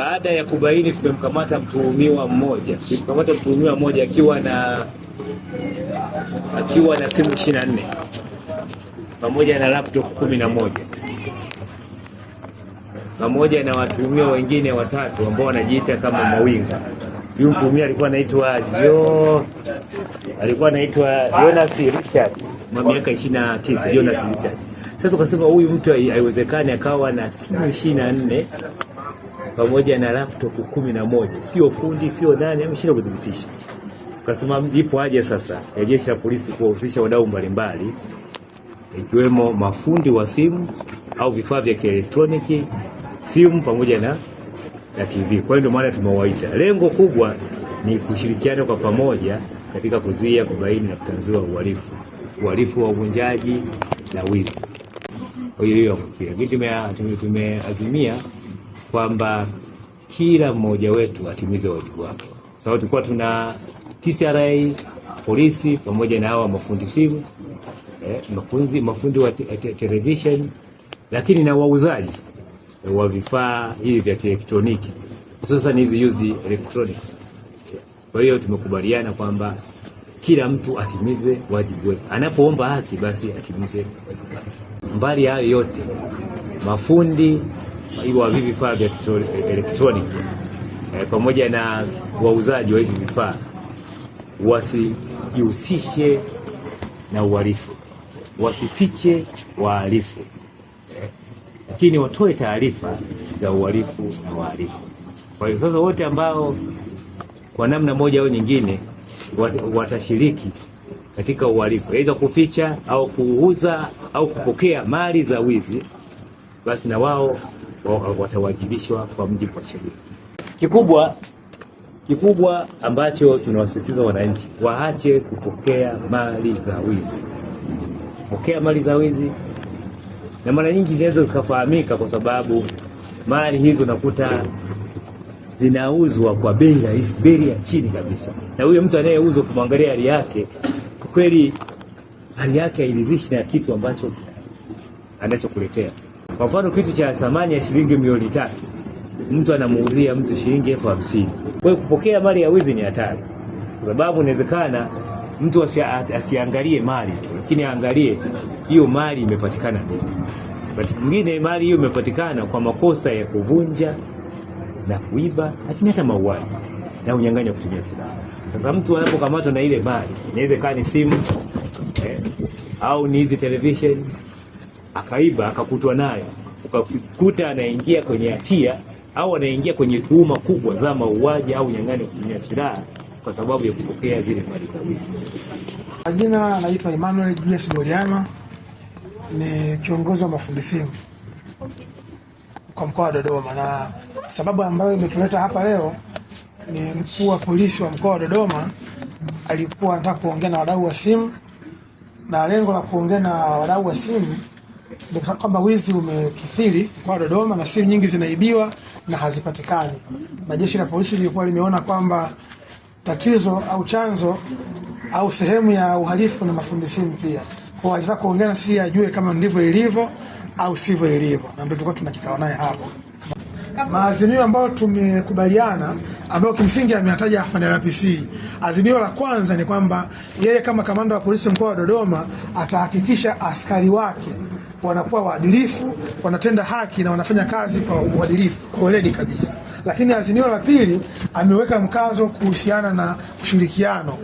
baada ya kubaini tumemkamata mtuhumiwa mmoja, tumemkamata mtuhumiwa mmoja akiwa na akiwa na simu 24 pamoja na laptop kumi na moja pamoja na watuhumiwa wengine watatu ambao wanajiita kama mawinga. Huyu mtuhumiwa alikuwa anaitwa Jo, alikuwa anaitwa Jonas Richard mwa miaka 29, Jonas Richard. Sasa ukasema huyu mtu haiwezekani akawa na simu ishirini na nne pamoja na laptop kumi na moja. Sio fundi, sio nani, ameshinda kudhibitisha. Ukasema ipo aje sasa ya jeshi la polisi kuwahusisha wadau mbalimbali ikiwemo mafundi wa simu au vifaa vya kielektroniki, simu pamoja na, na TV. Kwa hiyo ndio maana tumewaita. Lengo kubwa ni kushirikiana kwa pamoja katika kuzuia, kubaini na kutanzua uhalifu, uhalifu wa uvunjaji na wizi. Kwa hiyo hiyo, lakini tumeazimia kwamba kila mmoja wetu atimize wajibu wake, sababu so, tulikuwa tuna TCRA, polisi pamoja na hawa mafundi simu eh, mafundi, mafundi wa television, lakini na wauzaji wa vifaa hivi vya kielektroniki hususan hizi used electronics. Kwa hiyo tumekubaliana kwamba kila mtu atimize wajibu wake, anapoomba haki basi atimize wajibu wake. Mbali hayo yote mafundi wa hivi vifaa vya e- elektroniki e, pamoja na wauzaji wa hivi vifaa wasijihusishe na uhalifu, wasifiche wahalifu, lakini watoe taarifa za uhalifu na wahalifu. Kwa hiyo sasa, wote ambao kwa namna moja au nyingine watashiriki katika uhalifu, aidha kuficha au kuuza au kupokea mali za wizi basi na wao watawajibishwa kwa mujibu wa sheria. Kikubwa kikubwa ambacho tunawasisitiza wananchi waache kupokea mali za wizi. Kupokea mali za wizi na mara nyingi zinaweza zikafahamika kwa sababu mali hizo nakuta zinauzwa kwa bei rahisi, bei ya chini kabisa, na huyo mtu anayeuza kumwangalia hali yake, kwa kweli hali yake hairidhishi na kitu ambacho anachokuletea. Kwa mfano kitu cha thamani ya shilingi milioni tatu mtu anamuuzia mtu shilingi elfu hamsini. Kwa hiyo kupokea mali ya wizi ni hatari, kwa sababu inawezekana mtu asiangalie mali, lakini aangalie hiyo mali imepatikana. Mwingine mali hiyo imepatikana kwa makosa ya kuvunja na kuiba, lakini hata mauaji na unyang'anya wa kutumia silaha. Sasa mtu anapokamatwa na ile mali, inaweza ni simu eh, au ni hizi televisheni akaiba akakutwa nayo, ukakuta anaingia kwenye hatia au anaingia kwenye tuhuma kubwa za mauaji au nyang'ani kutumia silaha kwa sababu ya kupokea zile mali za wizi. Majina anaitwa Emmanuel Julius Goliana, ni kiongozi wa mafundi simu kwa mkoa wa Dodoma, na sababu ambayo imetuleta hapa leo ni mkuu wa polisi wa mkoa wa Dodoma alikuwa anataka kuongea na wadau wa simu, na lengo la kuongea na wadau wa simu kwamba wizi umekithiri kwa Dodoma na simu nyingi zinaibiwa na hazipatikani, na jeshi la polisi lilikuwa limeona kwamba tatizo au chanzo au sehemu ya uhalifu na mafundi simu pia. Kwa hiyo kuongea na sisi ajue kama ndivyo ilivyo au sivyo ilivyo, na ndio tulikuwa tunakikao naye hapo. Maazimio ambayo tumekubaliana ambayo kimsingi ameyataja afande RPC. Azimio la kwanza ni kwamba yeye kama kamanda wa polisi mkoa wa Dodoma atahakikisha askari wake wanakuwa waadilifu, wanatenda haki na wanafanya kazi kwa uadilifu, kwa weledi kabisa. Lakini azimio la pili ameweka mkazo kuhusiana na ushirikiano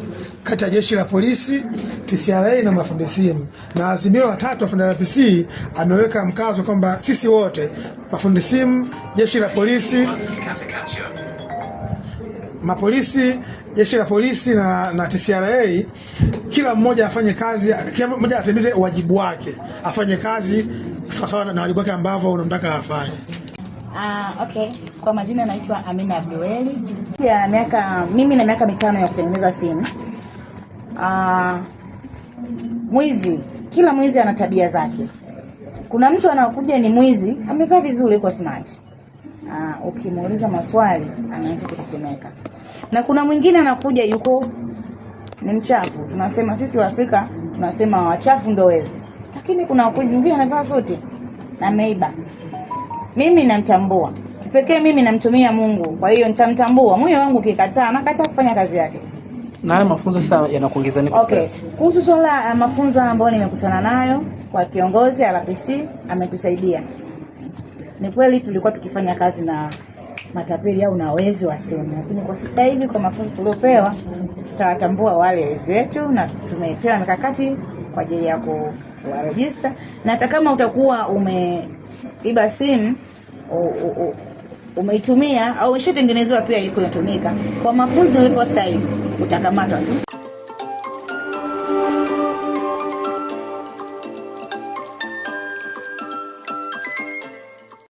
kati ya jeshi la polisi TCRA na simu, na azimio la tatu FNDRPC ameweka mkazo kwamba sisi wote mafundisimu, jeshi la polisi mapolisi, jeshi la polisi na, na TCRA, kila mmoja afanye kazi, kila mmoja atimize wajibu wake, afanye kazi sawasawa na wajibu wake ambavyo unamtaka afanye. Uh, okay. Kwa majina naitwa Amina Abdueli. Ya miaka mimi na miaka mitano ya kutengeneza simu. Uh, mwizi kila mwizi ana tabia zake. Kuna mtu anakuja ni mwizi, amevaa vizuri, kwa smart. Uh, ah, ukimuuliza maswali anaanza kutetemeka na kuna mwingine anakuja yuko ni mchafu. Tunasema sisi Waafrika tunasema wachafu ndo wezi, lakini kuna mwingine anavaa suti na meiba. Mimi namtambua kipekee, mimi namtumia Mungu, kwa hiyo nitamtambua. Moyo wangu ukikataa, nakataa kufanya kazi yake. Na haya mafunzo sasa yanakuongeza nini? Okay, kuhusu swala ya eh, mafunzo ambayo nimekutana nayo kwa kiongozi RPC, ametusaidia. Ni kweli tulikuwa tukifanya kazi na matapeli au na wezi waseme, lakini kwa sasa hivi kwa mafunzo tuliopewa tutawatambua wale wetu, na tumepewa mikakati kwa ajili ya kuwarejista, na hata kama utakuwa umeiba simu umeitumia au umeshatengenezewa, pia iko inatumika. Kwa mafunzo tuliopewa sasa hivi utakamatwa tu.